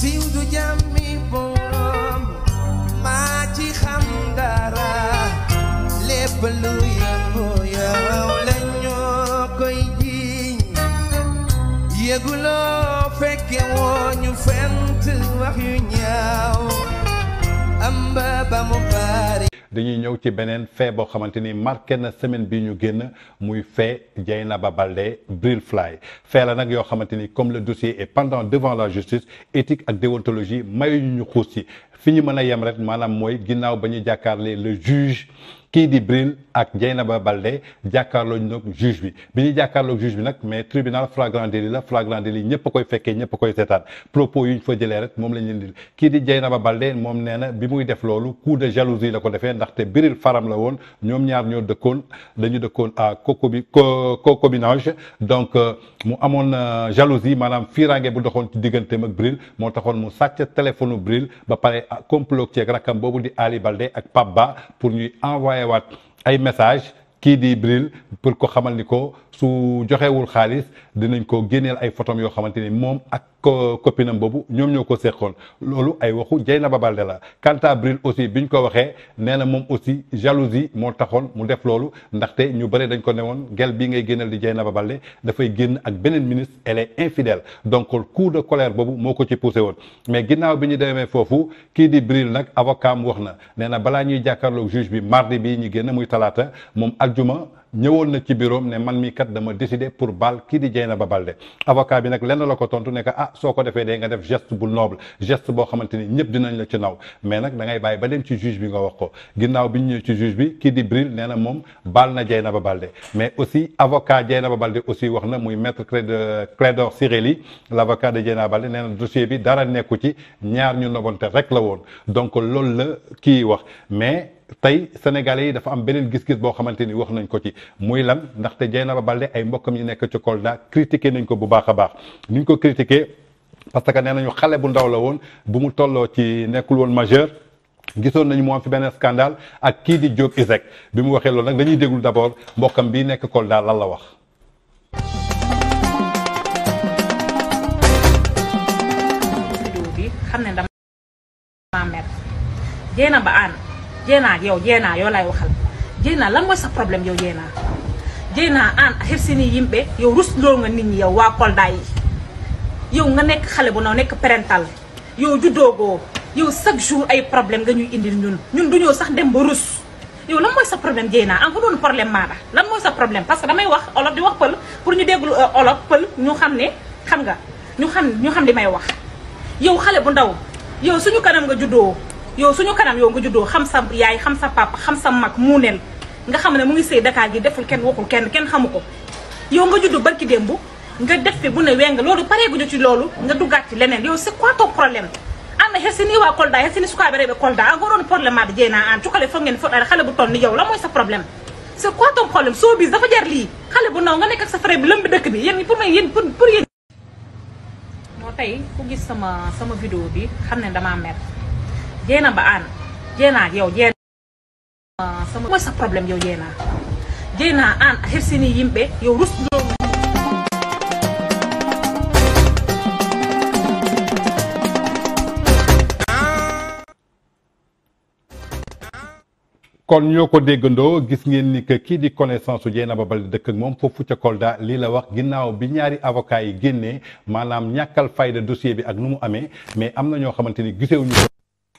Se o do dañuy ñëw ci beneen fee boo xamante ni marqué na semaine bi ñu génn muy fee Dieynaba Baldé Brillfly fee la nag yoo xamante ni comme le dossier est pendant devant la justice éthique ak déontologie mayuñu ñu xuus ci fi ñu mën a yem rek maanaam mooy ginnaaw ba ñu jàkkaarle le juge qui dit Bril ak Dieynaba Balde jàkkaarlooñ nag juge bi biñu ñuy juge bi nak mais tribunal flagrant délit la flagrant délit Pourquoi il koy fekkee ñëpp koy seetaan propos yuñ fois fa jëlé rek mom lañ leen di kii di Dieynaba Balde mom néna bi muy def lolu coup de jalousie la ko ndax té Bril faram la won ñom ñaar ñoo dëkkoon dañu dëkkoon à cocobinage. donc euh, mu amone euh, jalousie Madame fiiraange bu doxone ci dit ak Bril mo taxone mu sàcc téléphone Bril ba brille. Ah, complot ci ak rakkam boobu di Ali Balde ak Pape pour ñuy envoyer. envoyé waat ay message kii di Bril pour ko xamal ni ko su joxewul xaalis dinañ ko génneel ay photom yoo xamante ni moom ak copinam boobu ñoom ñoo ko seqoon loolu ay waxu Dieynaba Baldé la kanta Bril aussi biñ ko waxee nee na moom aussi jalousie moo taxoon mu def loolu ndaxte ñu bëri dañ ko newoon gel bi ngay génneel di Dieynaba Baldé dafay génn ak beneen ministre elle est infidèle donc coup de colère boobu moo ko ci poussé woon mais ginnaaw bi ñu demee foofu kii di Bril nag avocat am wax na nee na balaa ñuy jàkkaarloog juge bi mardi bi ñu génn muy talaata moom ajjuma ñëwoon na ci biroom ne man mi kat dama décidé pour baal kii di Dieynaba Balde avocat bi nag lenn la ko tontu ne que ah soo ko defee dee nga def geste bu noble geste boo xamante ni ñëpp dinañ la ci naw mais nag da ngay bàyyi ba dem ci juge bi nga wax ko ginnaaw bi ñu ñëw ci juge bi kii di Bril nee na moom bal na Dieynaba Balde mais aussi avocat Dieynaba Balde aussi wax na muy maître euh, Clédor Cirelli l' avocat de Dieynaba Balde nee na dossier bi dara nekku ci ñaar ñu nobonte rek la woon donc loolu la kii wax mais. tay sénégalais yi dafa am benen gis-gis bo xamanteni wax nañ ko ci muy lan te jeynaba Baldé ay mbokam yi nekk ci Kolda critiquer nañ ko bu baax a baax ni ko critiquer parce que nenañu xale bu ndaw la woon bu mu tollo ci nekkul woon majeur gisoon nañu mo am fi benn scandale ak kii di Diop isek bi mu waxee loolu nag dañuy déglu d'abord mbokam bi nekk Kolda lan la wax. xam ne dama mer Dieyna ba ànd Dieyna yo, yow Dieyna yo lay waxal Dieyna lan mooy sa problème yow Dieyna Dieyna an hersini yimbe yow lo nga nit ñi yow wa Kolda yi yow nga nek xalé bu no nek parental yow juddoogoo yow chaque jour ay problème nga ñuy indil ñun ñun duñu sax dem ba rus yow lan mooy sa problème Dieyna an ko doon problème maada lan mooy sa problème parce que damay wax olof di wax peul pour ñu déglu euh, olof peul ñu xamné ne xam nga ñu xam ñu xam limay wax yow xalé bu ndaw yow suñu kanam nga juddoo Yo, suñu kanam yo nga juddo xam sa yaay xam sa papa xam sa mak mu nen nga xam ne mu ngi sey Dakar gi deful ken waxul kenn kenn xamuko yo nga juddo barki dembu nga def fi bu ne weng pare guñu ci lolu nga duggaat ci lenen yo c'est quoi ton problème ana hesini wa kolda hesini sukaɓe be kolda a goron probléme maɗa jeyna an fo fof fo dara xale bu ton ni yow la moy sa problème c'est quoi ton problème so bis dafa jar li xale bu naw nga nek ak sa frère bi lembe dekk bi yeen pour may yeen pour pour yeen mo tay ku gis sama sama vidéo bi xamne dama mer jeena ba aan jeena yow jeena sama mooy sa problème kon ñoo ko déggandoo gis ngeen ni que kii di connaissance su Dieynaba Balde dëkk ak moom foofu ca Kolda lii la wax ginnaaw bi ñaari avocat yi génnee maanaam ñàkkal fayda dossier bi ak nu mu amee mais am na ñoo xamante ni gisewuñu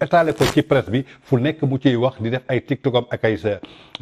étalé ko ci presse bi fu nekk mu ciy wax di def ay tiktokam ak ay sa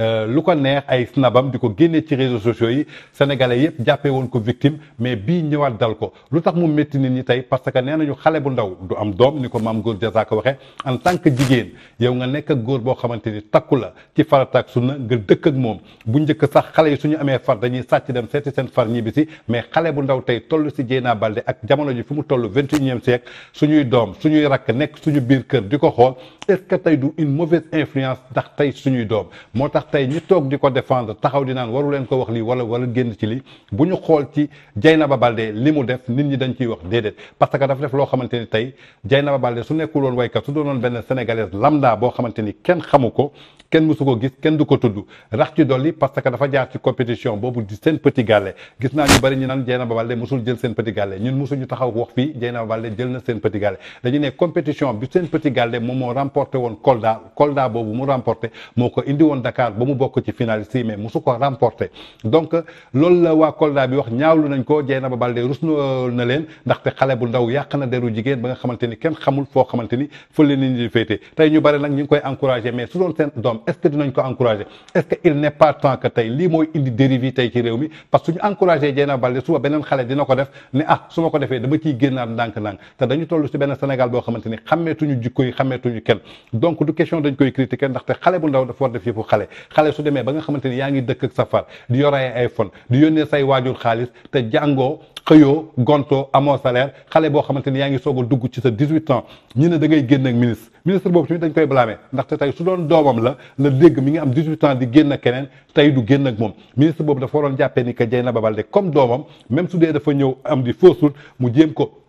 euh, lu ko neex ay snabam di ko génnee ci réseaux sociaux yi sénégalais yépp jàppee woon ko victime mais bii ñëwaat dal ko lu tax mu métti nit ñi tey parce que nee nañu xale bu ndaw du am doom ni ko maam góor ko waxee en tant que jigéen yow nga nekk ak góor boo xamante ni takku la ci farataak sunna nga dëkk ak moom bu njëkk sax xale yi suñu amee far dañuy sàcc dem seeti seen far ñibbi si mais xale bu ndaw tey toll si Dieyna Baldé ak jamono ji fu mu toll vingt et siècle suñuy doom suñuy rakk nekk suñu biir kër di ko ko est-ce que tay du une mauvaise influence ndax tay suñuy doom motax tay tey ñu toog di défendre taxaw di nan waru leen ko wax li wala wala genn ci li buñu xol ci Dieynaba balde limu def nit ñi dañ ci wax dedet parce que dafa def lo xamanteni tay tey balde su nekkul woon ka su doonoon ben sénégalaise lambda bo xamanteni ni kenn xamu ko kenn mësu gis kenn duko tuddu tudd rax ci dolli parce que dafa jaar ci compétition boobu di seen petit gàlle gis naa ñu bari ñi nan Dieynaba balde musul jël seen petit gàlle ñun mësuñu taxaw wax fi Dieynaba balde jël na seen petit gàlle dañu ne compétition bi seen petit gàlle Baldé moom moo remporté woon Kolda Kolda boobu mu remporté moo ko indi woon Dakar ba mu bokk ci finaliste yi mais mosu ko remporté donc loolu la waa Kolda bi wax ñaawlu nañ ko ba Balde rus na leen ndaxte xale bu ndaw yàq na deru jigéen ba nga xamante ni kenn xamul foo xamante ni fële nit di féete tey ñu bari nag ñu ngi koy encouragé mais su doon seen doom est ce que dinañ ko encouragé est ce que il n' est pas temps que tey lii mooy indi dérive yi tey ci réew mi parce que suñu encouragé Dieynaba Baldé suba beneen xale dina ko def ne ah su ma ko defee dama ciy génnaat ndànk-ndànk te dañu toll si benn Sénégal boo xamante ni xammeetuñu jikko yi xameetuñu kenn donc du question dañ koy critiquer ndaxte xale bu ndaw dafa war def yëfu xale xale su demee ba nga xamante yaa ngi dëkk ak safar di yor ay iPhone di yónnee say waajur xaalis te jàngoo xëyoo gontoo amoo salaire xale boo xamante ni yaa ngi soog a dugg ci sa 18 ans ñu ne da ngay génn ak ministre ministre boobu tamit dañ koy blâmer ndaxte tey su doon doomam la la dégg mi ngi am 18 ans di génn ak keneen tey du génn ak moom ministre boobu dafa waroon jàppee ni que Dieynaba Baldé comme doomam même su dee dafa ñëw am di fausul mu ko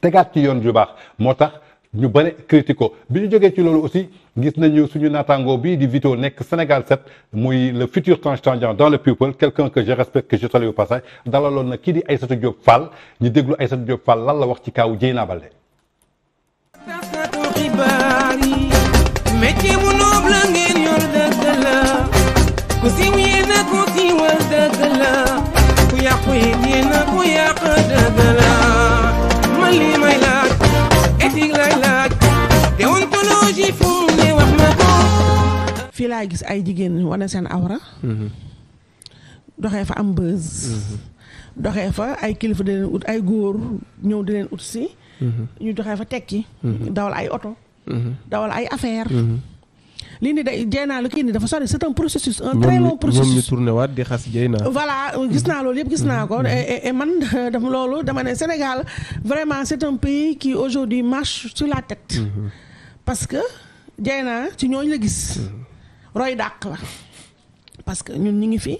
tegaat ci yoon ñu bëri critique bi ñu jógee ci aussi gis nañu suñu di Vito Sénégal le futur transcendant dans le quelqu'un que je respecte que je salue au passage dalaloon Aïssatou Diop Fall ñu Aïssatou Diop Fall la wax ci fii laa gis ay jigéen wane seen awra mhm. doxee fa am bës mhm. doxee fa ay kilifa di ut ay góor ñëw di leen ut si mhm. ñu doxee fa tekki dawal ay oto dawal ay affaire lii nii day jeynaa lu kii nii dafa sori c'est un processus un très long processus ñoom gis naa loolu yëpp gis naa ko et man dama loolu dama ne Sénégal vraiment c'est un pays qui aujourd'hui marche sur la tête parce que jay naa ci ñooñ la gis roy dàq la parce que ñun ñu ngi fi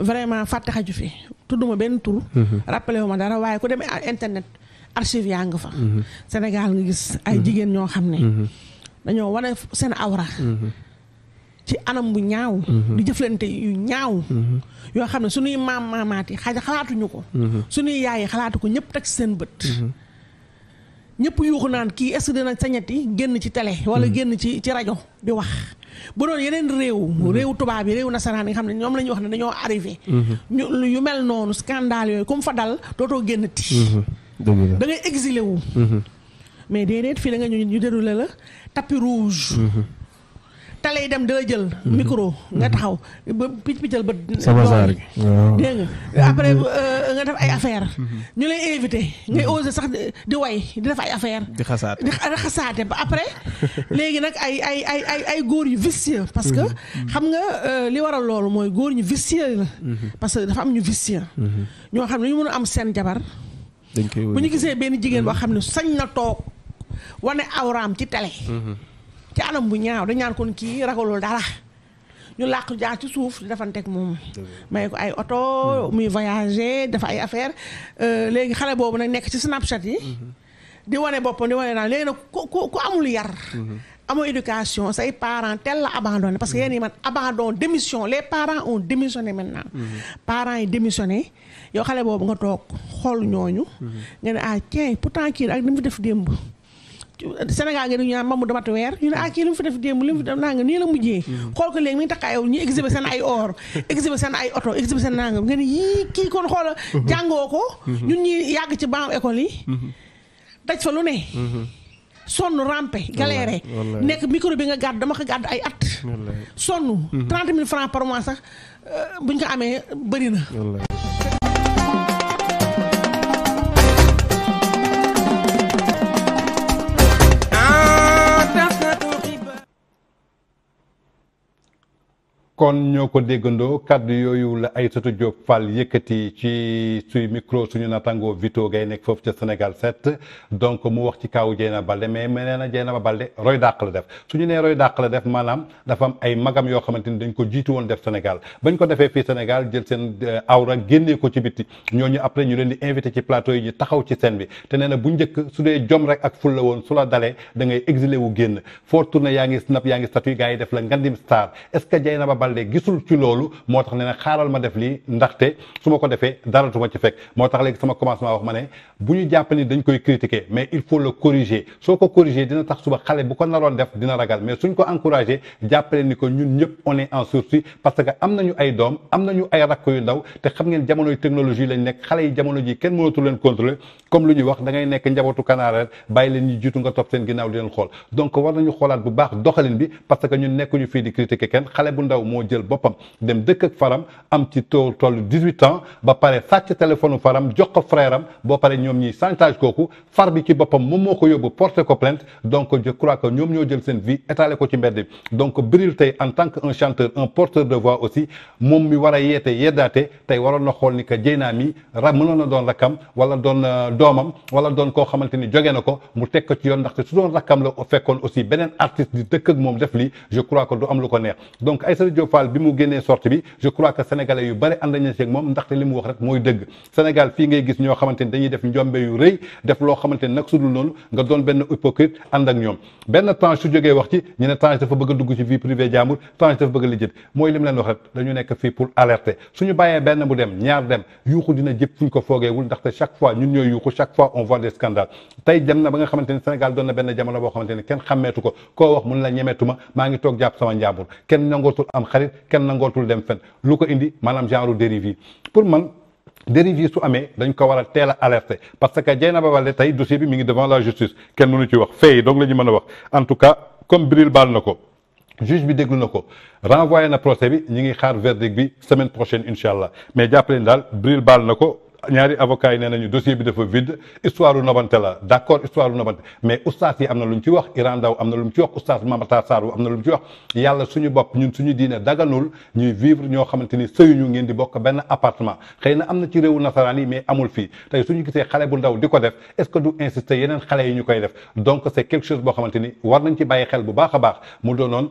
vraiment fàtte xaju fi tudduma benn tur mhm. rappelé wu ma dara waaye ku demee internet archive yaa nga fa mhm. Sénégal nga gis ay mhm. jigéen ñoo xam ne dañoo wane seen awra ci anam bu ñaaw di jëflante yu ñaaw yoo xam ne suñuy maam maamaat yi xaj xalaatuñu ko suñuy yaay yi xalaatu ko ñëpp teg seen bët ñëpp yuuxu naan kii est-ce que dina génn ci télé. wala hmm. génn ci ci rajo di wax. bu doon yeneen réew. Hmm. réew tubaab yi réew nasaraan yi nga xam ne ñoom la ñuy wax ne dañoo arrivé. Hmm. ñu yu mel noonu scandale yooyu comme fa dal dootoo génn ti da ngay exilé wu. mais déedéet fii da nga ñu déroulé la tapis rouge. tale yi dem da jël. micro nga taxaw ba picc piccal ba. sama saar gi dégg nga après euh, nga def ay affaire mhm. ñu lay invité ngay mhm. osé sax di way di def ay affaire di xasaate di xasaate ba après léegi nag ay ay ay ay ay góor yu vicieux parce que mhm. xam nga euh, li waral loolu mooy góor ñu vicieux la. parce que dafa am ñu vicieux. ñoo xam ne ñu mën a am seen jabar. dañ bu ñu gisee benn jigéen boo xam ne sañ na toog wane awraam ci télé. ci anam bu ñaaw dañ naan kon kii ragalul dara ñu làq jaar ci suuf di defanteeg moom. may ko ay oto. Hmm. muy voyager dafa ay affaire euh, léegi xale boobu nag nekk ci Snapchat yi. Hmm. di wane boppam di wane naa léegi nag ku ku amul yar. Hmm. amoo éducation say parents tel la abandonné parce que yéen man abandon démission les parents ont démissionné maintenant. parents yi démissionné yow xale boobu nga toog xool ñooñu. nga ne ah tiens pourtant kii ak ni mu def démb. Sénégal nga ni ñu naan mamu damat weer ñu ne ah kii li mu fi def démb li mu fi def naa nii la mujjee mm. xool ko léegi mi ngi taxaw yow ñu exhibé seen ay or exhibé seen ay oto exhibé seen nanga nga ni kii kon xoola mm-hmm. jàngoo ko mm-hmm. ñun ñi yàgg ci ban école yi mm-hmm. daj fa lu ne sonn rampe galéré nekk micro bi nga gàdd dama ko gàdd ay at sonn trente mille francs par mois sax euh, buñ ko amee bëri na kon ñoo ko déggandoo kàddu yooyu la Aïssatou Diop Fall yëkkati ci suy micro suñu natango Vito gay nekk foofu ca Sénégal set donc mu wax ci kaawu Dieyna Balde mais mais nee na Dieyna Balde roy dàq la def suñu nee roy dàq la def maanaam dafa am ay magam yoo xamante ni dañ ko jiitu woon def Sénégal bañ ko defee fii Sénégal jël seen euh, awra génnee ko ci bitti ñu après ñu leen di invité ci plateau yi ñu taxaw ci seen bi te nee bu njëkk su dee jom rek ak ful la woon su la dalee da ngay exilé wu génn foo tourné yaa ngi snap yaa ngi statut gars yi def la ngandim star est Balde gisul ci lolu motax tax xaaral ma def li ndaxte su ma ko defee dara du ci fekk motax tax sama commencement wax mané buñu bu ni dañ koy critiquer mais il faut le corriger soko corriger dina tax suba xalé bu ko naroon def dina ragal mais suñ ko encouragé jàppale ni ko ñun ñep on est en sursis parce que am nañu ay doom am nañu ay rakku yu ndaw te xam ngeen jamonoy technologie lañ nekk xalé yi jamono ji kenn mënatu leen contrôler comme luñu wax da ngay nekk njabotu kanaareer bay leen ñi jitu nga top sen ginaaw di leen xool donc war nañu xolaat bu baax doxalin bi parce que ñun ñu fi di critiquer ken xalé bu ndaw mo jël bopam dem dëkk ak faram am ci tool toll 18 ans ba pare sàcc téléphone faram jox ko frère am boo pare ñoom ñi santage kooku far bi ci bopam moom moo ko yóbbu porté ko plainte donc je crois que ñoom ñoo jël seen vie étalé ko ci mbedd donc Bril tey en tant que un chanteur un porteur de voix aussi moom mi war a yeete yeddaate tey waroon na xool ni que Dieyna mi ra mënoon na doon rakam wala doon euh, doomam wala doon koo xamante ni jóge na ko mu teg ko ci yoon ndaxte su doon rakam la fekkoon aussi beneen artiste di dëkk ak moom def lii je crois que du am lu ko neex donc ay Déthié Fall bi mu génnee sortie bi je crois que sénégalais yu bëri ànd nañ ci ak moom ndaxte li mu wax rek mooy dëgg Sénégal fii ngay gis ñoo xamante ni dañuy def njombe yu rëy def loo xamante ni sudul noonu nga doon benn hypocrite ànd ak ñoom benn Tange su jógee wax ci ñu ne Tange dafa bëgg a dugg ci vie privée jàmbur Tange dafa bëgg a lijjit mooy lim leen wax rek dañu nekk fii pour alerter suñu bàyyee benn bu dem ñaar dem yuuxu dina jëpp fuñ ko foogeewul ndaxte chaque fois ñun ñooy yuuxu chaque fois on voit des scandales tey dem na ba nga xamante Sénégal doon na benn jamono boo xamante ni kenn xàmmeetu ko koo wax mun la ñemeetu ma maa ngi toog jàpp sama njàmbur kenn nangootul am xarit kenn nangootul dem ko indi genre pour man parce que tey dossier bi devant la justice donc en tout cas comme Bril na juge bi na renvoyé procès bi ñi ngi xaar verdict bi semaine prochaine incha mais jàppaleen na ñaari avocat yi nee dossier bi dafa vide histoire lu nobante la d' accord histoire lu nobante mais oustaz yi am na lu ci wax Iran daw am na lu ci wax oustaz Mamatar Sarr am na lu ci wax yàlla suñu bopp ñun suñu diine daganul ñuy vivre ñoo xamante ni sëyuñu ngeen di bokk benn appartement xëy na am na ci réewu nasaraan yi mais amul fii tey suñu gisee xale bu ndaw di ko def est ce que du insister yeneen xale yi ñu koy def donc c' est quelque chose boo xamante ni war nañ ci bàyyi xel bu baax a baax mu doonoon